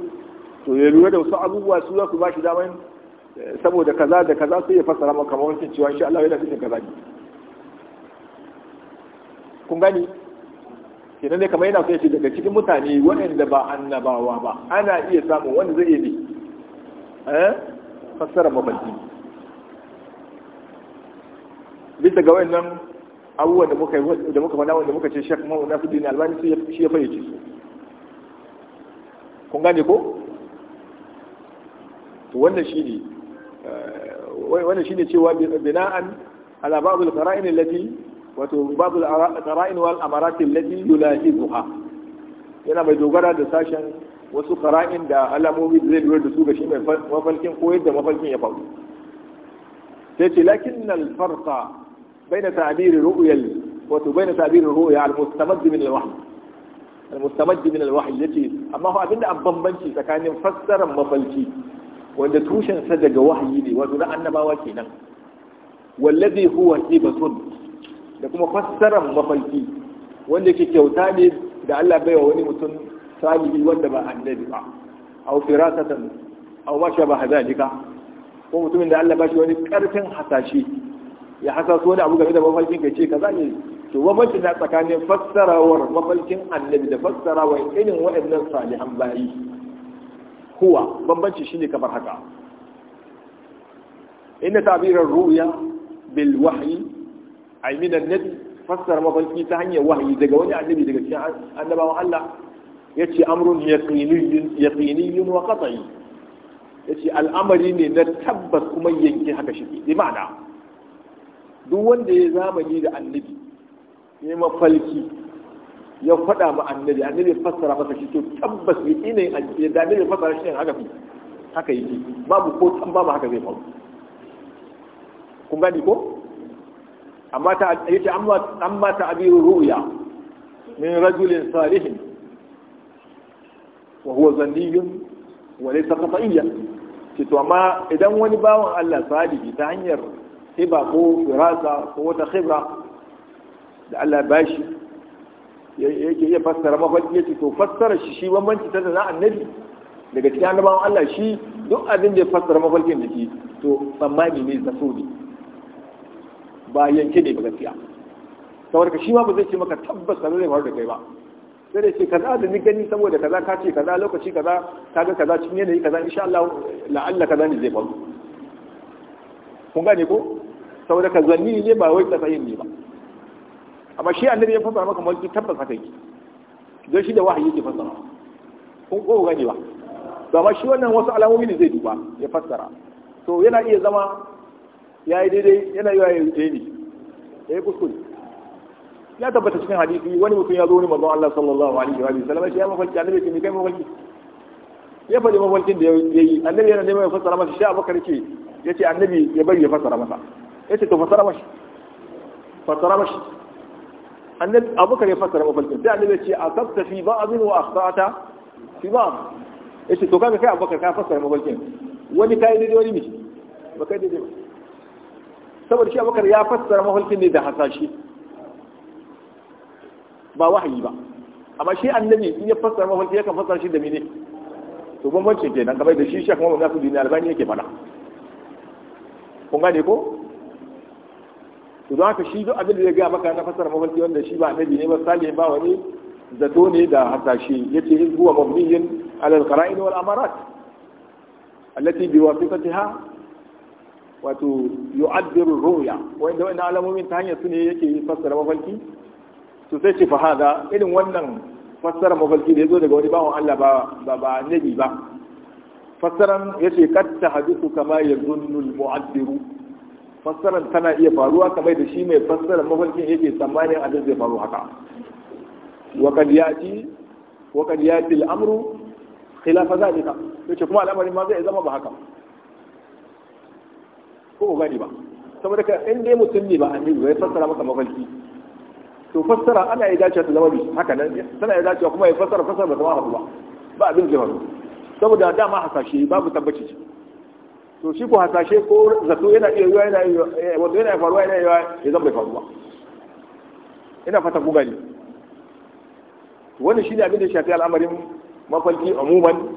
to ya lura da wasu abubuwa su za su bashi daman saboda kaza da kaza sai ya fassara maka kamar wancan cewa insha Allah yana cikin kaza ne kun gani kenan ne kamar yana so ce daga cikin mutane waɗanda ba annabawa ba ana iya samu wanda zai yi eh fassara mafarki bisa ga wannan abubuwan da muka da muka faɗa wanda muka ce Sheikh Muhammad Nasiruddin Albani sai shi ya fayyace su kun gane ko to wannan shi ne Wani shine cewa bina'an ala ba'd al-qara'in allati wato ba'd al-qara'in wal amarat allati yulahizuha yana mai dogara da sashen wasu qara'in da alamomi da zai lura da su ga shi mai mafalkin ko yadda mafalkin ya faru sai ce lakin al-farqa baina ta'bir ru'yal wato baina ta'bir ru'ya al-mustamadd min al-wahy al-mustamadd min al-wahy yace amma abinda an bambanci tsakanin fassarar mafalki wanda tushensa daga wahayi ne wato na annabawa kenan wallazi huwa hibatun da kuma fassaran mafarki wanda ke kyauta ne da Allah bai wa wani mutum salihi wanda ba annabi ba aw firasatan aw ma shabaha hadalika ko mutumin da Allah ba shi wani karfin hasashe ya hasaso wani abu game da mafarkin ka ce kaza ne to mafarki na tsakanin fassarawar mafarkin annabi da fassarawar irin waɗannan salihan bayi huwa bambanci shine kamar haka inda tabirar ruya bil wahyi ay min fassara mafalki ta hanyar wahayi daga wani annabi daga cikin annabawan Allah yace amrun yaqiniyyun yaqiniyyun wa qat'i yace al'amari ne na tabbas kuma yanke haka shi bi ma'ana duk wanda ya zamani da annabi ya mafalki ya faɗa ma annabi annabi ya fassara masa shi to tabbas ne ne da annabi ya fassara shi ne haka fi haka yake babu ko tun babu haka zai faru kun gani ko amma ta yace amma amma ta abiru ru'ya min rajulin salihin wa huwa zanniyun wa laysa qat'iyyan ce to amma idan wani bawan Allah salihi ta hanyar hiba ko firasa ko wata khibra da Allah bashi yake iya fassara mafarki yake to fassara shi shi bambanci ta da annabi daga cikin annabawan Allah shi duk abin da ya fassara mafarkin da shi to tsammani ne ta so ne ba yanke ne ba gaskiya saboda shi ma ba zai ce maka tabbas da zai faru da kai ba sai dai ce kaza da ni gani saboda kaza ka ce kaza lokaci kaza ka ga kaza cikin yanayi kaza insha Allah la'alla kaza ne zai faru kun gane ko saboda ka zanni ne ba wai tsayin ne ba amma shi annabi ya fassara maka mulki tabbas haka yake don shi da wahayi yake fasara kun ko gani ba to amma shi wannan wasu alamomi ne zai duba ya fassara to yana iya zama ya yi daidai yana yi ya yi daidai ya yi kuskure ya tabbata cikin hadisi wani mutum ya zo wani mazan Allah sallallahu alaihi wa sallam shi ya mafarki annabi ce mai kai mafarki ya faɗi mafarkin da ya yi annabi yana neman ya fassara masa sha bakar ce ya ce annabi ya bari ya fassara masa ya ce to fassara mashi fassara mashi annabi abubakar ya fassara mafarkin sai annabi ya ce a sabta fi ba'dhin wa akhta'ta fi ba'd yace to kaga kai abubakar ka fassara mafarkin wani kai daidai wani mishi ba kai daidai ba saboda shi abubakar ya fassara mafarkin ne da hasashi ba wahayi ba amma shi annabi in ya fassara mafarki ya kan fassara shi da mene to bambancin kenan kamar da shi shek Muhammad Nasiruddin Albani yake faɗa kun gane ko to don haka shi duk abin da ya gaya maka na fasar mafarki wanda shi ba annabi ne ba sale ba wani zato ne da hasashe yace in huwa mabniyin ala alqara'in wal amarat allati bi wasitatiha wato yu'addiru ru'ya wanda wannan alamomin ta hanyar su ne yake fassara mafarki to sai ce fahada irin wannan fassara mafarki da ya zo daga wani bawon Allah ba ba annabi ba fassaran yace katta tahadithu kama yazunnu al mu'addiru fassarar tana iya faruwa bai da shi mai fassarar mafarkin yake tsammanin abin zai faru haka wakad yati wakad za a khilafa zalika ce kuma al'amarin ma zai zama ba haka ko gani ba saboda ka in dai mutum ne ba a nizu zai fassara maka mafarki to fassara ana ya dace ta zama bi haka nan tana ya dace kuma ya fassara fassara ba ta ma ba ba abin zai faru saboda dama hasashe babu tabbaci to shi ko hasashe ko zato yana iya yiwa yana eh, wato yana faruwa yana yiwa ya zan bai faruwa ina fata ku gani wannan shine abin da shafi al'amarin mafarki umuman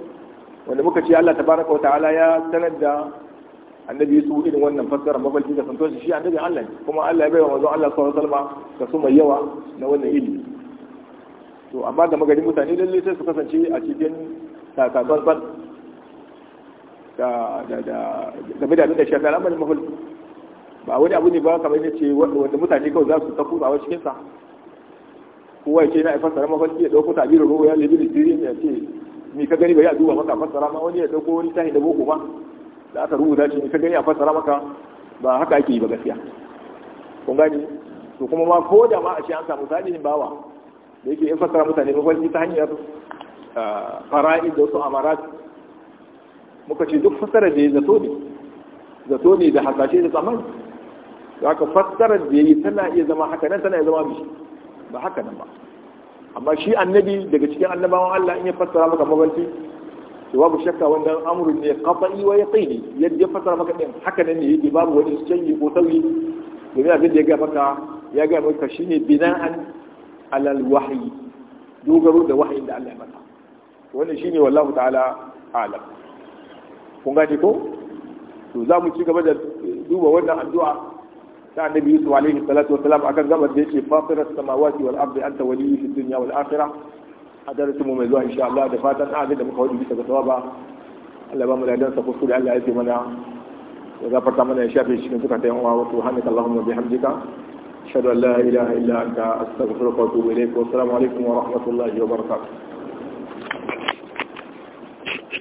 wanda muka ce Allah tabaraka wa ta'ala ya sanar da annabi su irin wannan fassara mafarki da santoshi shi annabi Allah ne kuma Allah ya bai wa manzon Allah sallallahu alaihi wasallam kaso mai yawa na wannan ilimi to amma ga magarin mutane lalle sai su kasance a cikin takatsantsan game da abin da shafi al'amarin mafarki ba wani abu ne ba kamar yadda ce wanda mutane kawai za su ta kutsawa cikinsa Ko wai ce na fassara mafarki ya ɗauko tabirin ruwa ya libi da sirri ya ce ni ka gani bai a duba maka fassara ma wani ya ɗauko wani tahi da boko ba da aka rubuta shi ni ka gani a fassara maka ba haka ake yi ba gaskiya kun gani to kuma ma ko da ma a ce an samu salihin bawa da yake in fasara mutane mafarki ta hanyar ah, fara'id da wasu amarat muka ce duk fassara da ya zato ne zato ne da hasashe da tsammani da aka fassara da ya yi tana iya zama haka nan tana iya zama mishi ba haka nan ba amma shi annabi daga cikin annabawan Allah in ya fassara maka mabanci to babu shakka wannan amrun ne qata'i wa yaqini yadda ya fassara maka din haka nan ne yake babu wani canji ko sauyi domin abin da ya ga maka ya ga maka shine bina'an alal wahyi dogaro da wahayin da Allah ya maka wannan shine wallahu ta'ala alam kun gane ko to za mu ci gaba da duba wannan addu'a ta annabi Yusuf alaihi salatu wa salam akan gaban da yake fatiras samawati wal ardi anta waliyyi fid dunya wal akhirah a darasin mu mai zuwa insha Allah da fatan an da muka wadi bisa ga sawaba Allah ba mu ladan sa kuskure Allah ya ce mana ya gafarta mana ya shafe cikin suka ta yan uwa wa subhanaka allahumma bihamdika ashhadu an la ilaha illa anta astaghfiruka wa atubu ilayk wa assalamu alaikum wa rahmatullahi wa barakatuh